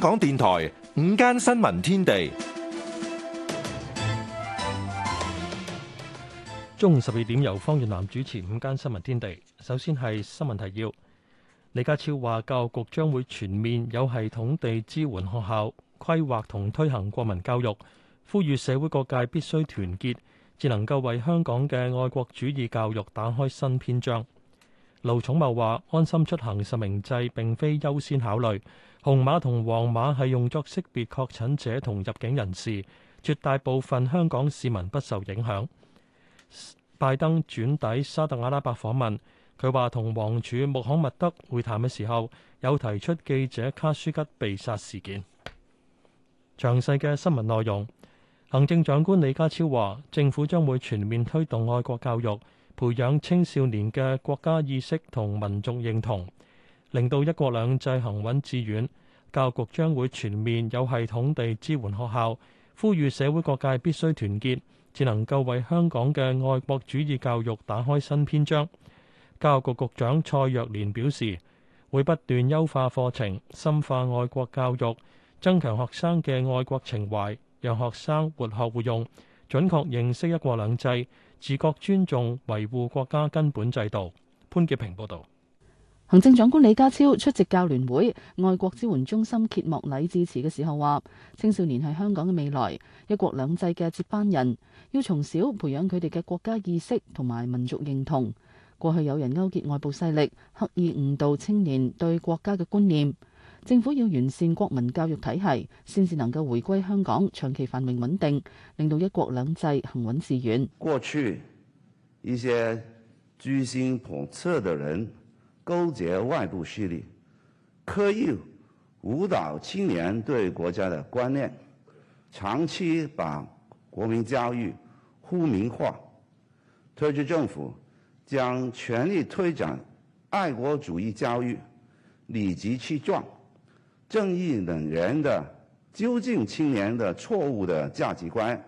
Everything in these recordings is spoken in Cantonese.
香港電台午間新聞天地，中午十二點由方遠南主持《午間新聞天地》。首先係新聞提要：李家超話，教育局將會全面有系統地支援學校規劃同推行國民教育，呼籲社會各界必須團結，至能夠為香港嘅愛國主義教育打開新篇章。盧寵茂話：安心出行實名制並非優先考慮，紅碼同黃碼係用作識別確診者同入境人士，絕大部分香港市民不受影響。拜登轉抵沙特阿拉伯訪問，佢話同王儲穆罕默德會談嘅時候，有提出記者卡舒吉被殺事件。詳細嘅新聞內容，行政長官李家超話，政府將會全面推動愛國教育，培養青少年嘅國家意識同民族認同，令到一國兩制行穩致遠。教育局將會全面有系統地支援學校，呼籲社會各界必須團結，才能夠為香港嘅愛國主義教育打開新篇章。教育局局長蔡若蓮表示，會不斷優化課程，深化愛國教育，增強學生嘅愛國情懷，讓學生活學活用，準確認識一國兩制，自覺尊重、維護國家根本制度。潘傑平報導，行政長官李家超出席教聯會外國支援中心揭幕禮致辭嘅時候話，青少年係香港嘅未來，一國兩制嘅接班人，要從小培養佢哋嘅國家意識同埋民族認同。過去有人勾結外部勢力，刻意誤導青年對國家嘅觀念。政府要完善國民教育體系，先至能夠回歸香港長期繁榮穩定，令到一國兩制行穩致遠。過去一些居心叵測的人勾結外部勢力，刻意誤導青年對國家的觀念，長期把國民教育污名化。特區政府將全力推展愛國主義教育，理直氣壯。正義等人的糾正，青年的錯誤的價值觀。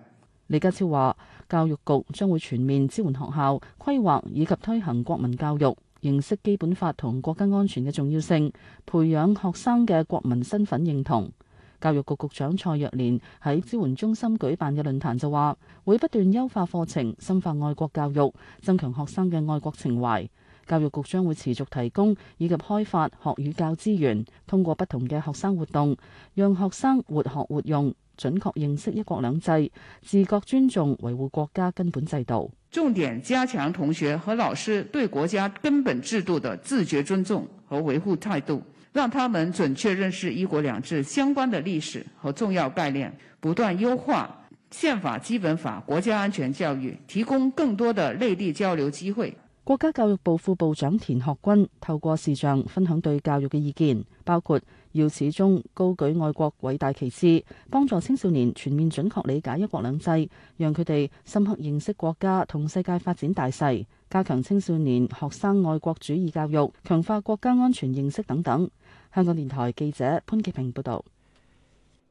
李家超話：教育局將會全面支援學校規劃以及推行國民教育，認識基本法同國家安全嘅重要性，培養學生嘅國民身份認同。教育局局長蔡若蓮喺支援中心舉辦嘅論壇就話：會不斷優化課程，深化愛國教育，增強學生嘅愛國情懷。教育局將會持續提供以及開發學與教資源，通過不同嘅學生活動，讓學生活學活用，準確認識一國兩制，自覺尊重、維護國家根本制度。重點加強同學和老師對國家根本制度的自覺尊重和維護態度，讓他們準確認識一國兩制相關的歷史和重要概念，不斷優化憲法、基本法、國家安全教育，提供更多的內地交流機會。國家教育部副部長田學軍透過視像分享對教育嘅意見，包括要始終高舉愛國偉大旗幟，幫助青少年全面準確理解一國兩制，讓佢哋深刻認識國家同世界發展大勢，加強青少年學生愛國主義教育，強化國家安全認識等等。香港電台記者潘潔平報道。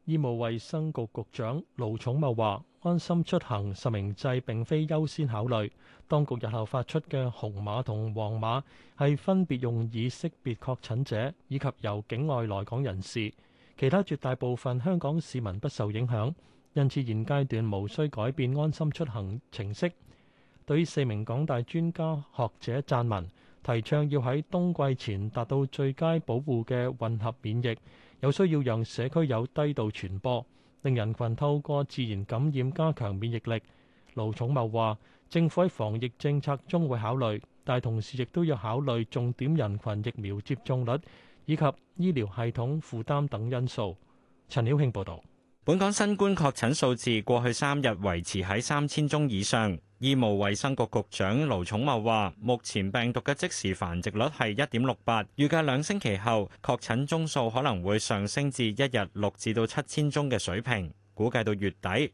醫務衛生局局長盧寵茂話。安心出行實名制並非優先考慮，當局日後發出嘅紅馬同黃馬紅碼同黃碼係分別用以識別確診者以及由境外來港人士，其他絕大部分香港市民不受影響，因此現階段無需改變安心出行程式。對於四名港大專家學者撰文，提倡要喺冬季前達到最佳保護嘅混合免疫，有需要讓社區有低度傳播。令人群透過自然感染加強免疫力，盧寵茂話：政府喺防疫政策中會考慮，但同時亦都要考慮重點人群疫苗接種率以及醫療系統負擔等因素。陳曉慶報導，本港新冠確診數字過去三日維持喺三千宗以上。醫務衛生局局長盧寵茂話，目前病毒嘅即時繁殖率係一點六八，預計兩星期後確診宗數可能會上升至一日六至到七千宗嘅水平，估計到月底，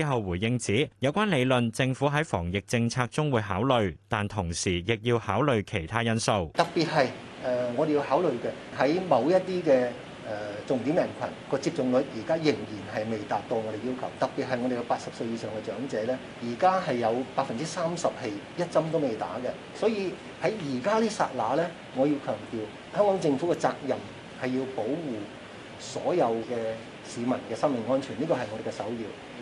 之後回應指有關理論，政府喺防疫政策中會考慮，但同時亦要考慮其他因素。特別係誒，我哋要考慮嘅喺某一啲嘅誒重點人群個接種率，而家仍然係未達到我哋要求。特別係我哋嘅八十歲以上嘅長者咧，而家係有百分之三十係一針都未打嘅。所以喺而家呢剎那咧，我要強調香港政府嘅責任係要保護所有嘅市民嘅生命安全，呢個係我哋嘅首要。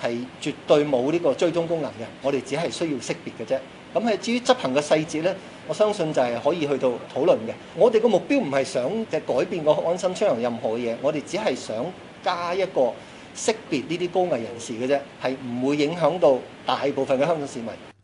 係絕對冇呢個追蹤功能嘅，我哋只係需要識別嘅啫。咁係至於執行嘅細節呢，我相信就係可以去到討論嘅。我哋個目標唔係想就改變個安心出行任何嘢，我哋只係想加一個識別呢啲高危人士嘅啫，係唔會影響到大部分嘅香港市民。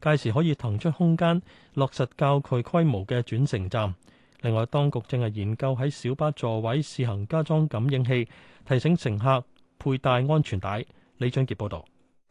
屆時可以騰出空間，落實較具規模嘅轉乘站。另外，當局正係研究喺小巴座位試行加裝感應器，提醒乘客佩戴安全帶。李俊傑報導。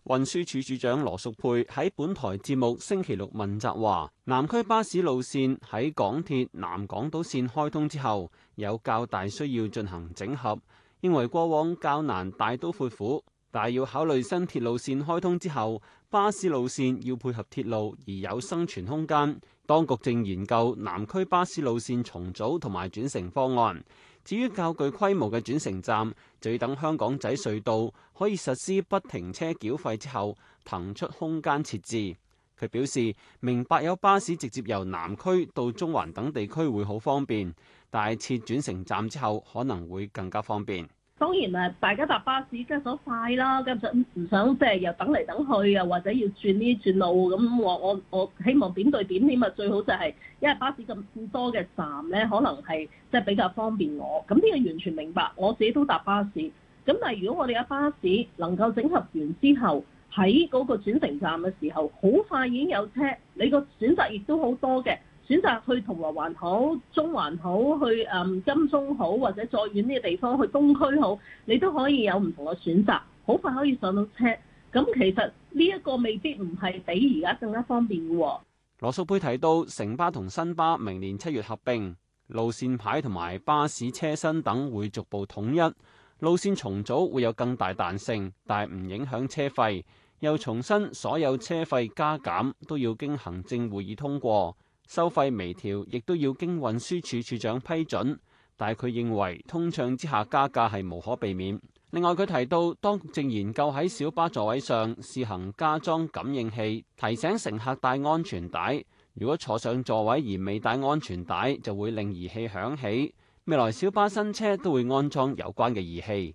運輸署署長羅淑佩喺本台節目星期六問責話：南區巴士路線喺港鐵南港島線開通之後，有較大需要進行整合，認為過往較難大刀闊斧。但要考慮新鐵路線開通之後巴士路線要配合鐵路而有生存空間，當局正研究南區巴士路線重組同埋轉乘方案。至於較具規模嘅轉乘站，就要等香港仔隧道可以實施不停車繳費之後騰出空間設置。佢表示明白有巴士直接由南區到中環等地區會好方便，但係設轉乘站之後可能會更加方便。當然啊，大家搭巴士即係想快啦，咁就唔想即係又等嚟等去，又或者要轉呢轉路咁？我我我希望點對點，你咪最好就係、是，因為巴士咁多嘅站咧，可能係即係比較方便我。咁呢個完全明白，我自己都搭巴士。咁但係如果我哋嘅巴士能夠整合完之後，喺嗰個轉乘站嘅時候，好快已經有車，你個選擇亦都好多嘅。選擇去銅鑼灣好、中環好，去誒金鐘好，或者再遠啲嘅地方去東區好，你都可以有唔同嘅選擇，好快可以上到車。咁其實呢一個未必唔係比而家更加方便嘅。羅淑佩提到城巴同新巴明年七月合併，路線牌同埋巴士車身等會逐步統一，路線重組會有更大彈性，但係唔影響車費。又重申所有車費加減都要經行政會議通過。收費微調亦都要經運輸署署長批准，但係佢認為通脹之下加價係無可避免。另外佢提到，當局正研究喺小巴座位上試行加裝感應器，提醒乘客戴安全帶。如果坐上座位而未戴安全帶，就會令儀器響起。未來小巴新車都會安裝有關嘅儀器。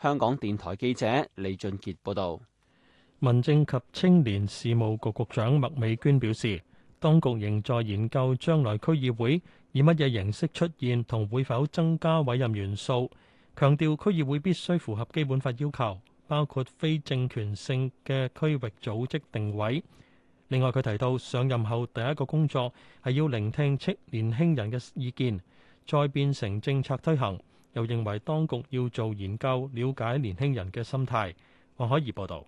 香港電台記者李俊傑報道。民政及青年事務局局，局長麥美娟表示。當局仍在研究將來區議會以乜嘢形式出現，同會否增加委任元素。強調區議會必須符合基本法要求，包括非政權性嘅區域組織定位。另外，佢提到上任後第一個工作係要聆聽青年輕人嘅意見，再變成政策推行。又認為當局要做研究，了解年輕人嘅心態。黃海怡報導。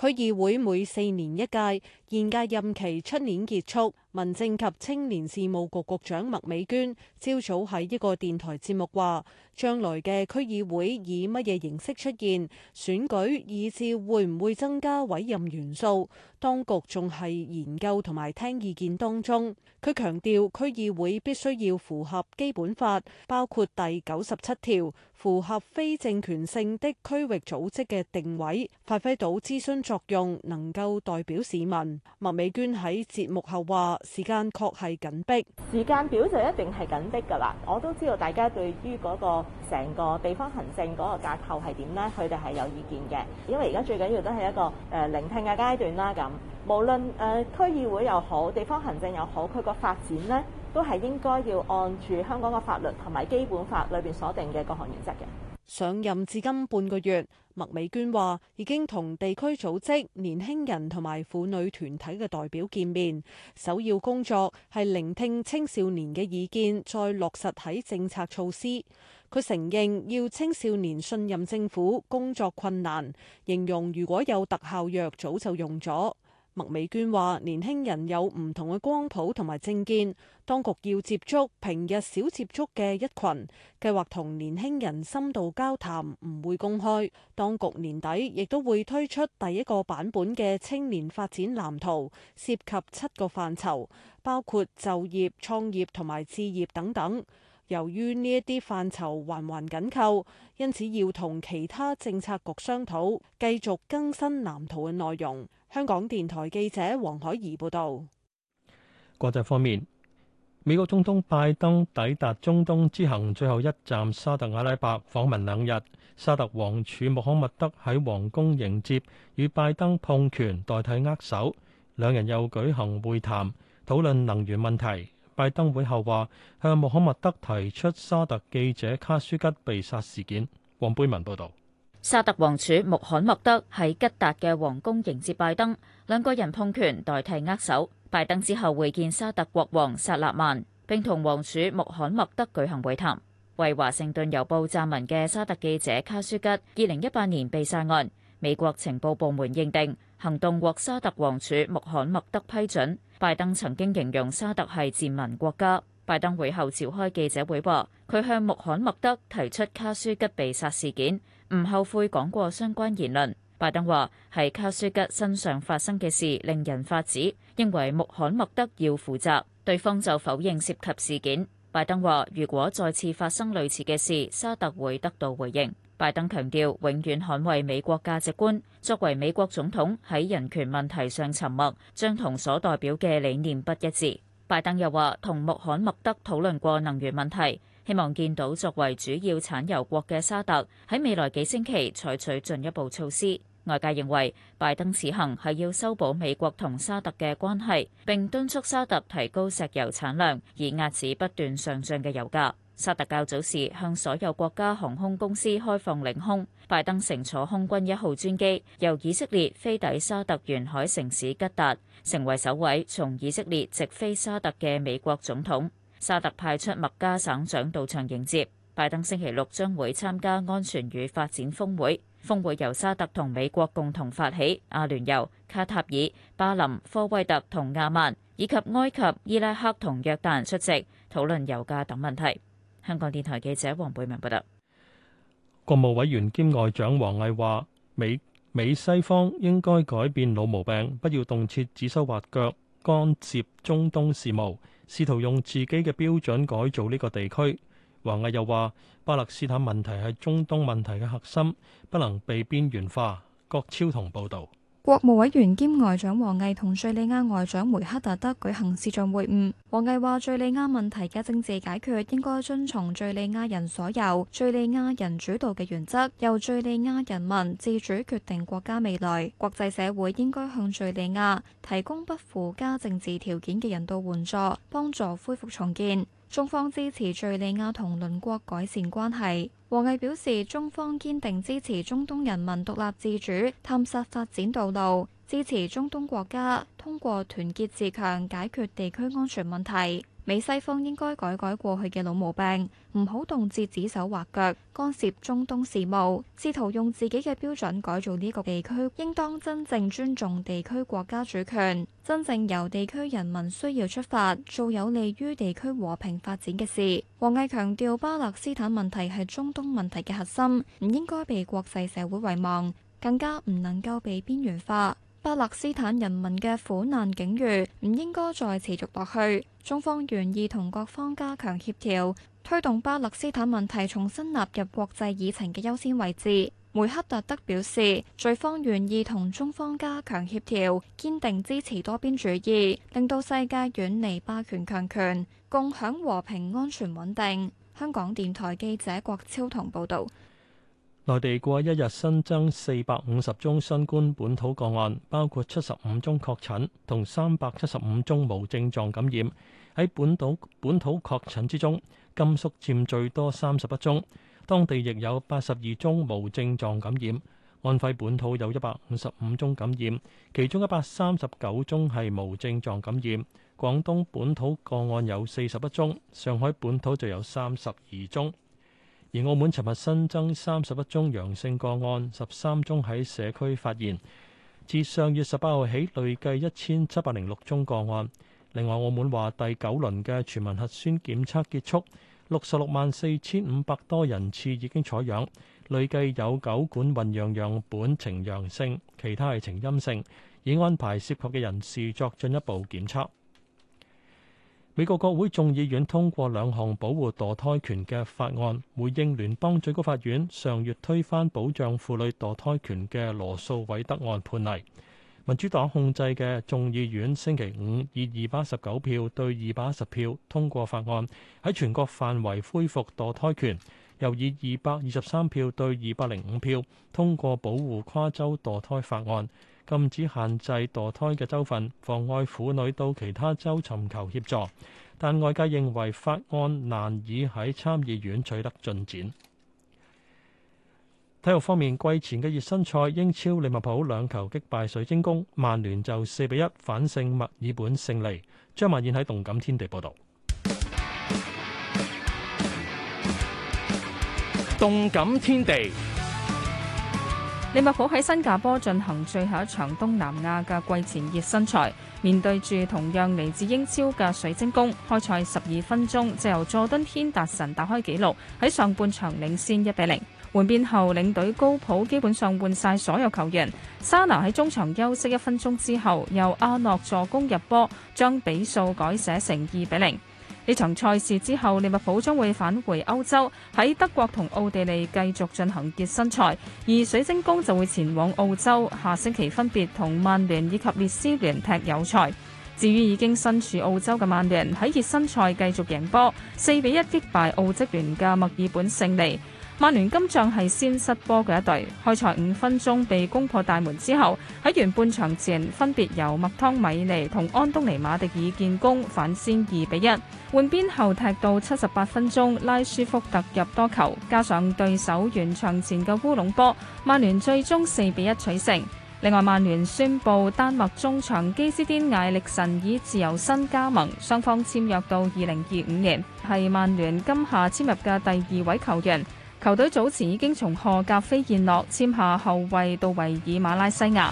區議會每四年一屆，現屆任期出年結束。民政及青年事務局局長麥美娟朝早喺一個電台節目話，將來嘅區議會以乜嘢形式出現，選舉以至會唔會增加委任元素，當局仲係研究同埋聽意見當中。佢強調區議會必須要符合基本法，包括第九十七條，符合非政權性的區域組織嘅定位，發揮到諮詢作用，能夠代表市民。麥美娟喺節目後話。時間確係緊迫，時間表就一定係緊迫噶啦。我都知道大家對於嗰個成個地方行政嗰個架構係點呢？佢哋係有意見嘅。因為而家最緊要都係一個誒聆聽嘅階段啦。咁無論誒區議會又好，地方行政又好，佢個發展呢，都係應該要按住香港嘅法律同埋基本法裏邊所定嘅各項原則嘅。上任至今半個月，麥美娟話已經同地區組織、年輕人同埋婦女團體嘅代表見面，首要工作係聆聽青少年嘅意見，再落實喺政策措施。佢承認要青少年信任政府工作困難，形容如果有特效藥早就用咗。麥美娟話，年輕人有唔同嘅光譜同埋政見，當局要接觸平日少接觸嘅一群，計劃同年輕人深度交談，唔會公開。當局年底亦都會推出第一個版本嘅青年發展藍圖，涉及七個範疇，包括就業、創業同埋置業等等。由於呢一啲範疇環環緊扣，因此要同其他政策局商討，繼續更新藍圖嘅內容。香港電台記者黃海怡報道。國際方面，美國總統拜登抵達中東之行最後一站沙特阿拉伯訪問兩日，沙特王儲穆罕默德喺皇宮迎接，與拜登碰拳代替握手，兩人又舉行會談，討論能源問題。拜登會後話向穆罕默德提出沙特記者卡舒吉被殺事件。黃貝文報道。沙特王儲穆罕默德喺吉達嘅皇宮迎接拜登，兩個人碰拳代替握手。拜登之後會見沙特國王薩勒曼，並同王儲穆罕默德舉行會談。為華盛頓郵報撰文嘅沙特記者卡舒吉二零一八年被殺案，美國情報部門認定行動獲沙特王儲穆罕默德批准。拜登曾經形容沙特係賤民國家。拜登會後召開記者會，話佢向穆罕默德提出卡舒吉被殺事件。唔後悔講過相關言論。拜登話：係卡舒吉身上發生嘅事令人髮指，認為穆罕默德要負責。對方就否認涉及事件。拜登話：如果再次發生類似嘅事，沙特會得到回應。拜登強調：永遠捍衞美國價值觀。作為美國總統喺人權問題上沉默，將同所代表嘅理念不一致。拜登又話：同穆罕默德討論過能源問題。希望見到作為主要產油國嘅沙特喺未來幾星期採取進一步措施。外界認為，拜登此行係要修補美國同沙特嘅關係，並敦促沙特提高石油產量，以壓止不斷上漲嘅油價。沙特較早時向所有國家航空公司開放領空。拜登乘坐空軍一號專機，由以色列飛抵沙特沿海城市吉達，成為首位從以色列直飛沙特嘅美國總統。沙特派出麥加省長到場迎接，拜登星期六將會參加安全與發展峰會。峰會由沙特同美國共同發起，阿聯酋、卡塔爾、巴林、科威特同亞曼以及埃及、伊拉克同約旦出席，討論油價等問題。香港電台記者黃貝文報道。國務委員兼外長王毅話：美美西方應該改變老毛病，不要動輒指手畫腳，干涉中東事務。試圖用自己嘅標準改造呢個地區。王毅又話：巴勒斯坦問題係中東問題嘅核心，不能被邊緣化。郭超同報導。國務委員兼外長王毅同敘利亞外長梅克達德舉行視像會晤。王毅話：敘利亞問題嘅政治解決應該遵從敘利亞人所有、敘利亞人主導嘅原則，由敘利亞人民自主決定國家未來。國際社會應該向敘利亞提供不附加政治條件嘅人道援助，幫助恢復重建。中方支持敘利亞同鄰國改善關係。王毅表示，中方堅定支持中東人民獨立自主、探索發展道路，支持中東國家通過團結自強解決地區安全問題。美西方應該改改過去嘅老毛病，唔好動輒指手畫腳干涉中東事務，試圖用自己嘅標準改造呢個地區。應當真正尊重地區國家主權，真正由地區人民需要出發，做有利於地區和平發展嘅事。王毅強調，巴勒斯坦問題係中東問題嘅核心，唔應該被國際社會遺忘，更加唔能夠被邊緣化。巴勒斯坦人民嘅苦難境遇唔應該再持續落去，中方願意同各方加強協調，推動巴勒斯坦問題重新納入國際議程嘅優先位置。梅克達德表示，敘方願意同中方加強協調，堅定支持多邊主義，令到世界遠離霸權強權，共享和平、安全、穩定。香港電台記者郭超棠報導。內地過一日新增四百五十宗新冠本土個案，包括七十五宗確診同三百七十五宗無症狀感染。喺本土本土確診之中，甘肅佔最多三十一宗，當地亦有八十二宗無症狀感染。安徽本土有一百五十五宗感染，其中一百三十九宗係無症狀感染。廣東本土個案有四十一宗，上海本土就有三十二宗。而澳門尋日新增三十一宗陽性個案，十三宗喺社區發現。自上月十八號起，累計一千七百零六宗個案。另外，澳門話第九輪嘅全民核酸檢測結束，六十六萬四千五百多人次已經採樣，累計有九管混樣樣本呈陽性，其他係呈陰性，已安排涉及嘅人士作進一步檢測。美國國會眾議院通過兩項保護墮胎權嘅法案，回應聯邦最高法院上月推翻保障婦女墮胎權嘅羅素·韋德案判例。民主黨控制嘅眾議院星期五以二百一十九票對二百一十票通過法案，喺全國範圍恢復墮胎權，又以二百二十三票對二百零五票通過保護跨州墮胎法案。禁止限制墮胎嘅州份，妨礙婦女到其他州尋求協助。但外界認為法案難以喺參議院取得進展。體育方面，季前嘅熱身賽，英超利物浦兩球擊敗水晶宮，曼聯就四比一反勝墨爾本勝利。張曼燕喺動感天地報道。動感天地。利物浦喺新加坡進行最後一場東南亞嘅季前熱身賽，面對住同樣嚟自英超嘅水晶宮，開賽十二分鐘就由佐敦軒達臣打開紀錄，喺上半場領先一比零。換邊後，領隊高普基本上換晒所有球員，沙拿喺中場休息一分鐘之後，由阿諾助攻入波，將比數改寫成二比零。呢場賽事之後，利物浦將會返回歐洲，喺德國同奧地利繼續進行熱身賽，而水晶宮就會前往澳洲，下星期分別同曼聯以及列斯聯踢友賽。至於已經身處澳洲嘅曼聯，喺熱身賽繼續贏波，四比一擊敗澳職聯嘅墨爾本勝利。曼聯今仗係先失波嘅一隊，開賽五分鐘被攻破大門之後，喺完半場前分別由麥湯米尼同安東尼馬迪爾建功，反先二比一。換邊後踢到七十八分鐘，拉舒福特入多球，加上對手完場前嘅烏龍波，曼聯最終四比一取勝。另外，曼聯宣布丹麥中場基斯丁艾力神以自由身加盟，雙方簽約到二零二五年，係曼聯今夏簽入嘅第二位球員。球隊早前已經從荷甲飛燕諾簽下後衛到維爾馬拉西亞。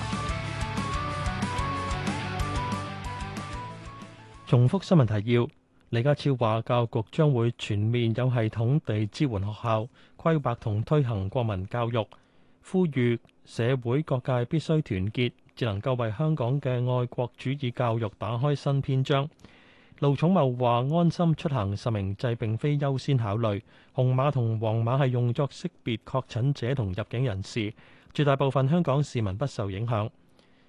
重複新聞提要，李家超話：教育局將會全面有系統地支援學校，規劃同推行國民教育，呼籲社會各界必須團結，至能夠為香港嘅愛國主義教育打開新篇章。盧寵茂話安心出行實名制并非優先考慮，紅碼同黃碼係用作識別確診者同入境人士，絕大部分香港市民不受影響。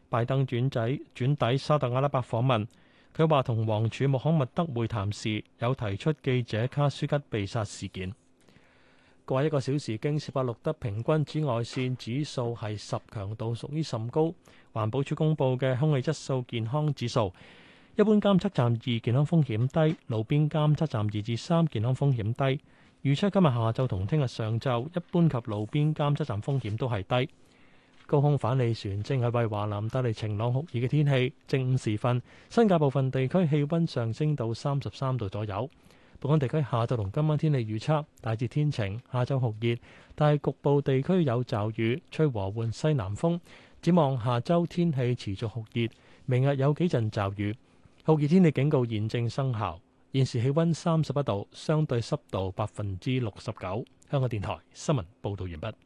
拜登轉仔轉抵沙特阿拉伯訪問，佢話同王儲穆罕默德會談時有提出記者卡舒吉被殺事件。過一個小時京士柏錄得平均紫外線指數係十強度，屬於甚高。環保署公布嘅空氣質素健康指數。一般監測站二，健康風險低，路邊監測站二至三，健康風險低。預測今日下晝同聽日上晝，一般及路邊監測站風險都係低。高空反氣旋正係為華南帶嚟晴朗酷熱嘅天氣。正午時分，新界部分地區氣溫上升到三十三度左右。本港地區下晝同今晚天氣預測，大致天晴，下晝酷熱，但係局部地區有驟雨，吹和緩西南風。展望下周天氣持續酷熱，明日有幾陣驟雨。酷熱天氣警告現正生效，現時氣温三十一度，相對濕度百分之六十九。香港電台新聞報道完畢。